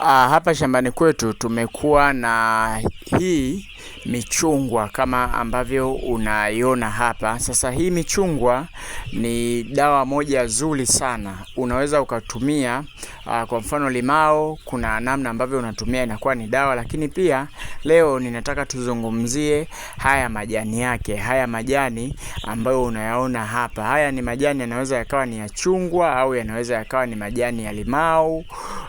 Ah, hapa shambani kwetu tumekuwa na hii michungwa kama ambavyo unaiona hapa. Sasa hii michungwa ni dawa moja zuri sana, unaweza ukatumia ah, kwa mfano limao, kuna namna ambavyo unatumia inakuwa ni dawa, lakini pia leo ninataka tuzungumzie haya majani yake. Haya majani ambayo unayaona hapa, haya ni majani yanaweza yakawa ni ya chungwa au yanaweza yakawa ni majani ya limao.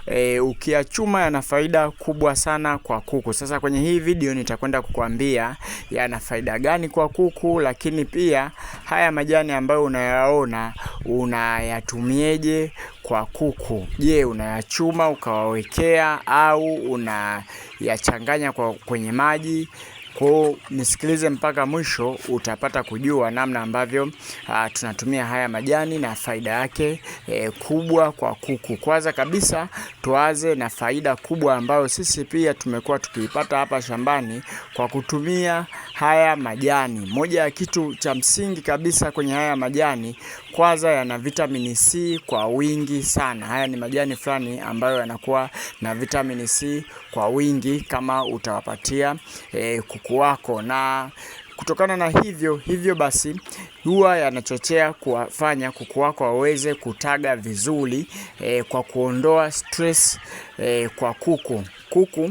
E, eh, ukiyachuma yana faida kubwa sana kwa kuku. Sasa kwenye hii video nitakwenda kukwambia yana faida gani kwa kuku, lakini pia haya majani ambayo unayaona unayatumieje kwa kuku. Je, unayachuma ukawawekea au unayachanganya kwa kwenye maji? Kwa nisikilize mpaka mwisho, utapata kujua namna ambavyo a, ah, tunatumia haya majani na faida yake e, kubwa kwa kuku. Kwanza kabisa tuanze na faida kubwa ambayo sisi pia tumekuwa tukiipata hapa shambani kwa kutumia haya majani. Moja ya kitu cha msingi kabisa kwenye haya majani kwanza yana vitamini C kwa wingi sana. Haya ni majani fulani ambayo yanakuwa na vitamini C kwa wingi kama utawapatia e, kuku wako na kutokana na hivyo hivyo basi huwa yanachochea kuwafanya kuku wako waweze kutaga vizuri e, kwa kuondoa stress e, kwa kuku kuku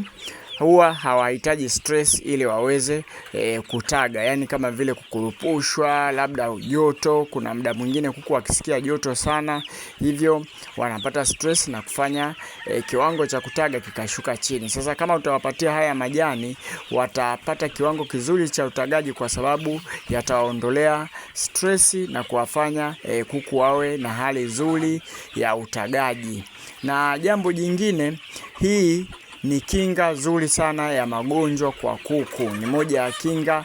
huwa hawahitaji stress ili waweze e, kutaga, yaani kama vile kukurupushwa, labda joto. Kuna muda mwingine kuku wakisikia joto sana, hivyo wanapata stress na kufanya e, kiwango cha kutaga kikashuka chini. Sasa kama utawapatia haya majani, watapata kiwango kizuri cha utagaji, kwa sababu yatawaondolea stress na kuwafanya e, kuku wawe na hali nzuri ya utagaji. Na jambo jingine hii ni kinga nzuri sana ya magonjwa kwa kuku. Ni moja ya kinga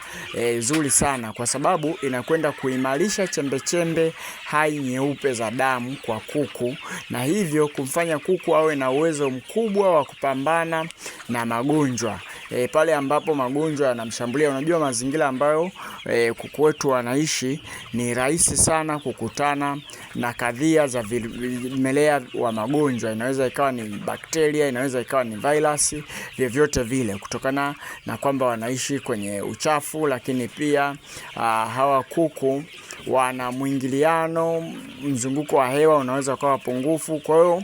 nzuri e, sana kwa sababu inakwenda kuimarisha chembechembe hai nyeupe za damu kwa kuku na hivyo kumfanya kuku awe na uwezo mkubwa wa kupambana na magonjwa e, pale ambapo magonjwa yanamshambulia. Unajua mazingira ambayo e, kuku wetu wanaishi, ni rahisi sana kukutana na kadhia za vimelea wa magonjwa. Inaweza ikawa ni bakteria, inaweza ikawa ni virus, vyovyote vile, kutokana na kwamba wanaishi kwenye uchafu, lakini pia a, hawa kuku wana mwingiliano, mzunguko wa hewa unaweza ukawa pungufu. Kwa hiyo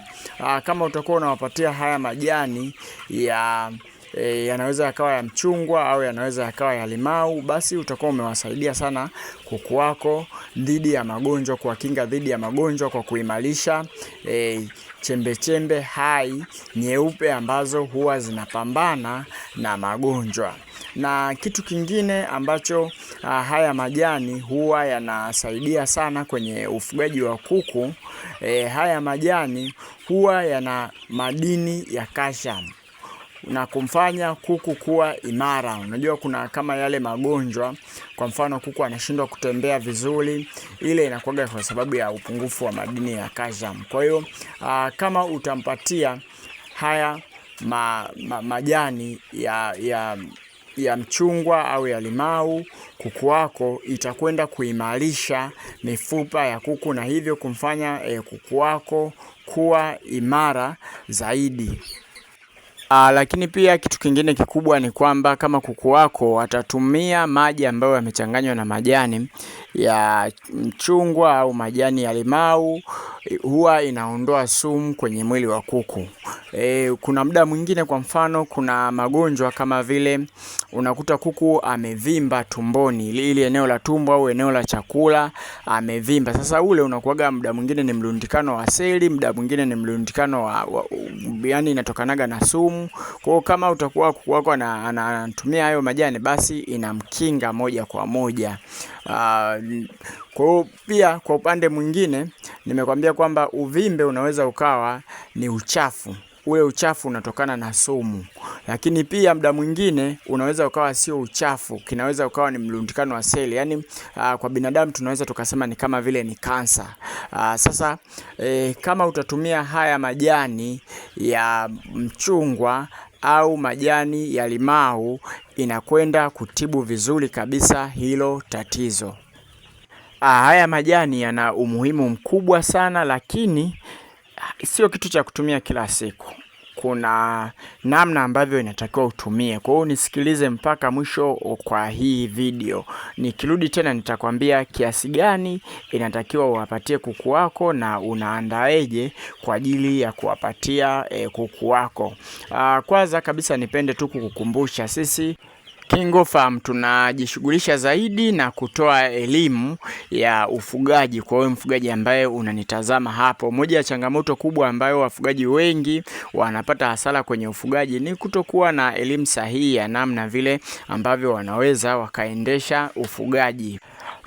kama utakuwa unawapatia haya majani ya e, yanaweza yakawa ya mchungwa au yanaweza yakawa ya limau, basi utakuwa umewasaidia sana kuku wako dhidi ya magonjwa, kuwakinga dhidi ya magonjwa kwa kuimarisha e, chembechembe hai nyeupe ambazo huwa zinapambana na magonjwa. Na kitu kingine ambacho uh, haya majani huwa yanasaidia sana kwenye ufugaji wa kuku e, haya majani huwa yana madini ya kashamu na kumfanya kuku kuwa imara. Unajua kuna kama yale magonjwa, kwa mfano kuku anashindwa kutembea vizuri, ile inakuwa kwa sababu ya upungufu wa madini ya calcium. Kwa hiyo ah, kama utampatia haya ma, ma, majani ya, ya ya mchungwa au ya limau, kuku wako itakwenda kuimarisha mifupa ya kuku na hivyo kumfanya eh, kuku wako kuwa imara zaidi. Aa, ah, lakini pia kitu kingine kikubwa ni kwamba kama kuku wako watatumia maji ambayo yamechanganywa na majani ya mchungwa au majani ya limau huwa inaondoa sumu kwenye mwili wa kuku. E, kuna muda mwingine kwa mfano kuna magonjwa kama vile unakuta kuku amevimba tumboni, ili eneo la tumbo au eneo la chakula amevimba. Sasa ule unakuwaga muda mwingine ni mlundikano wa seli, muda mwingine ni mlundikano wa, wa yani inatokanaga na sumu. Kwa hiyo kama utakuwa kuku wako anatumia hayo majani, basi inamkinga moja kwa moja. Uh, kwa hiyo pia kwa upande mwingine nimekwambia kwamba uvimbe unaweza ukawa ni uchafu ule uchafu unatokana na sumu, lakini pia muda mwingine unaweza ukawa sio uchafu, kinaweza ukawa ni mlundikano wa seli. Yani aa, ah, kwa binadamu tunaweza tukasema ni kama vile ni kansa. Aa, ah, sasa e, kama utatumia haya majani ya mchungwa au majani ya limau inakwenda kutibu vizuri kabisa hilo tatizo. Ah, haya majani yana umuhimu mkubwa sana, lakini ah, sio kitu cha kutumia kila siku. Kuna namna ambavyo inatakiwa utumie. Kwa hiyo nisikilize mpaka mwisho kwa hii video. Nikirudi tena, nitakwambia kiasi gani inatakiwa uwapatie kuku wako na unaandaeje kwa ajili ya kuwapatia e, kuku wako. Ah, kwanza kabisa, nipende tu kukukumbusha sisi KingoFarm tunajishughulisha zaidi na kutoa elimu ya ufugaji kwa wewe mfugaji ambaye unanitazama hapo. Moja ya changamoto kubwa ambayo wafugaji wengi wanapata hasara kwenye ufugaji ni kutokuwa na elimu sahihi ya namna vile ambavyo wanaweza wakaendesha ufugaji.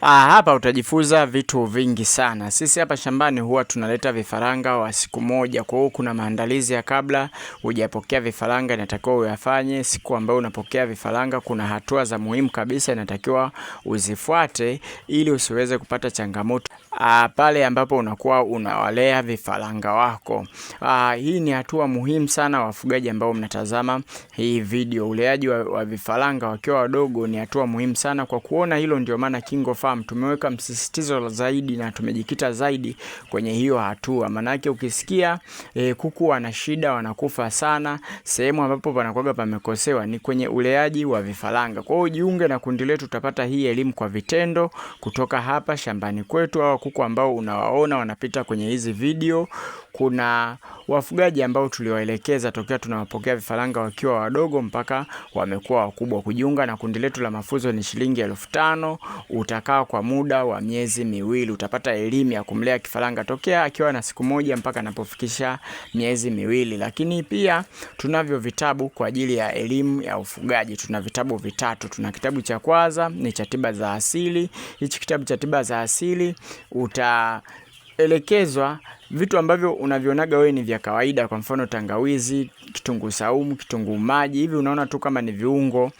Ah, hapa utajifunza vitu vingi sana. Sisi hapa shambani huwa tunaleta vifaranga wa siku moja, kwa hiyo kuna maandalizi ya kabla hujapokea vifaranga inatakiwa uyafanye. Siku ambayo unapokea vifaranga, kuna hatua za muhimu kabisa inatakiwa uzifuate ili usiweze kupata changamoto uh, pale ambapo unakuwa unawalea vifaranga wako. Uh, hii ni hatua muhimu sana wafugaji ambao mnatazama hii video. Uleaji wa, wa vifaranga wakiwa wadogo ni hatua muhimu sana. Kwa kuona hilo, ndio maana Kingo Farm tumeweka msisitizo zaidi na tumejikita zaidi kwenye hiyo hatua, maanake ukisikia eh, kuku wana shida wanakufa sana, sehemu ambapo panakuwa pamekosewa ni kwenye uleaji wa vifaranga. Kwa hiyo jiunge na kundi letu, utapata hii elimu kwa vitendo kutoka hapa shambani kwetu au kuku ambao unawaona wanapita kwenye hizi video kuna wafugaji ambao tuliwaelekeza tokea tunawapokea vifaranga wakiwa wadogo mpaka wamekuwa wakubwa. Kujiunga na kundi letu la mafunzo ni shilingi elfu tano. Utakaa kwa muda wa miezi miwili, utapata elimu ya kumlea kifaranga tokea akiwa na siku moja mpaka anapofikisha miezi miwili. Lakini pia tunavyo vitabu kwa ajili ya elimu ya ufugaji. Tuna vitabu vitatu. Tuna kitabu cha kwanza ni cha tiba za asili. Hichi kitabu cha tiba za asili utaelekezwa vitu ambavyo unavionaga wewe ni vya kawaida, kwa mfano tangawizi, kitunguu saumu, kitunguu maji, hivi unaona tu kama ni viungo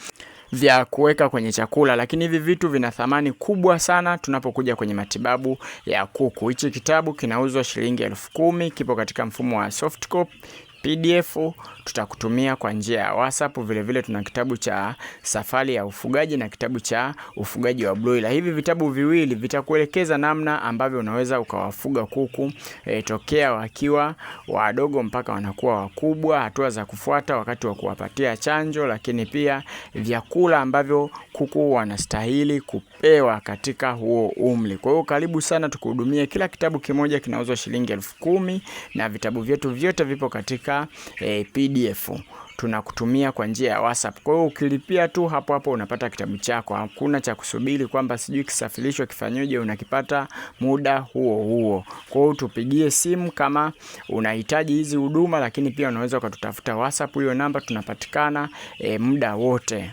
vya kuweka kwenye chakula, lakini hivi vitu vina thamani kubwa sana tunapokuja kwenye matibabu ya kuku. Hichi kitabu kinauzwa shilingi elfu kumi, kipo katika mfumo wa soft copy. PDF tutakutumia kwa njia ya WhatsApp. Vilevile vile tuna kitabu cha safari ya ufugaji na kitabu cha ufugaji wa broiler. Hivi vitabu viwili vitakuelekeza namna ambavyo unaweza ukawafuga kuku e, tokea wakiwa wadogo mpaka wanakuwa wakubwa, hatua za kufuata wakati wa kuwapatia chanjo, lakini pia vyakula ambavyo kuku wanastahili kupewa katika huo umri. Kwa hiyo karibu sana tukuhudumie. Kila kitabu kimoja kinauzwa shilingi elfu kumi na vitabu vyetu vyote vipo katika katika e, PDF tunakutumia kwa njia ya WhatsApp. Kwa hiyo ukilipia tu hapo hapo unapata kitabu chako, hakuna cha kusubiri kwamba sijui kisafirishwe kifanyoje, unakipata muda huo huo. Kwa hiyo tupigie simu kama unahitaji hizi huduma, lakini pia unaweza ukatutafuta WhatsApp, hiyo namba tunapatikana e, muda wote.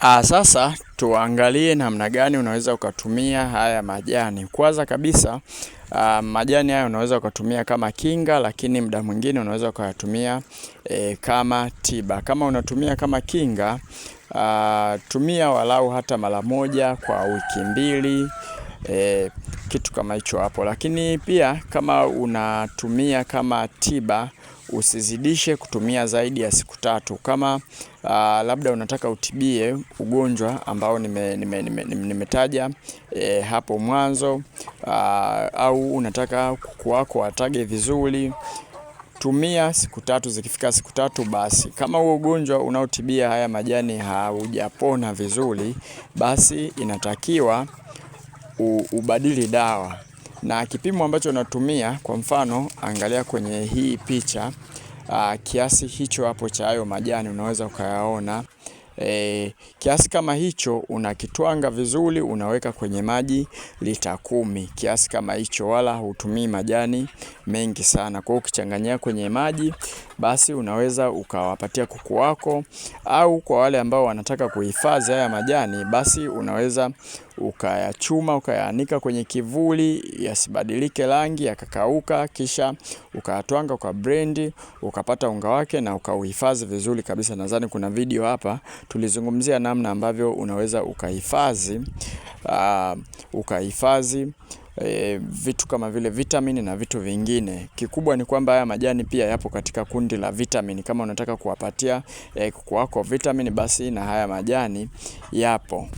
Aa, ah, sasa tuangalie namna gani unaweza ukatumia haya majani. Kwanza kabisa uh, majani haya unaweza ukatumia kama kinga, lakini muda mwingine unaweza ukayatumia e, kama tiba. Kama unatumia kama kinga uh, tumia walau hata mara moja kwa wiki mbili e, kitu kama hicho hapo. Lakini pia kama unatumia kama tiba usizidishe kutumia zaidi ya siku tatu. Kama uh, labda unataka utibie ugonjwa ambao nimetaja nime, nime, nime, nime e, eh, hapo mwanzo uh, au unataka kuku wako watage vizuri tumia siku tatu. Zikifika siku tatu, basi kama huo ugonjwa unaotibia haya majani haujapona vizuri, basi inatakiwa ubadili dawa na kipimo ambacho unatumia. Kwa mfano, angalia kwenye hii picha uh, kiasi hicho hapo cha hayo majani unaweza ukayaona. E, kiasi kama hicho unakitwanga vizuri, unaweka kwenye maji lita kumi, kiasi kama hicho, wala hutumii majani mengi sana. Kwa hiyo ukichanganyia kwenye maji, basi unaweza ukawapatia kuku wako, au kwa wale ambao wanataka kuhifadhi haya majani, basi unaweza ukayachuma ukayaanika kwenye kivuli yasibadilike rangi yakakauka, kisha ukayatwanga kwa brendi ukapata unga wake na ukauhifadhi vizuri kabisa. Nadhani kuna video hapa tulizungumzia namna ambavyo unaweza ukahifadhi uh, ukahifadhi e, vitu kama vile vitamini na vitu vingine. Kikubwa ni kwamba haya majani pia yapo katika kundi la vitamini. Kama unataka kuwapatia e, kuku wako vitamini, basi na haya majani yapo.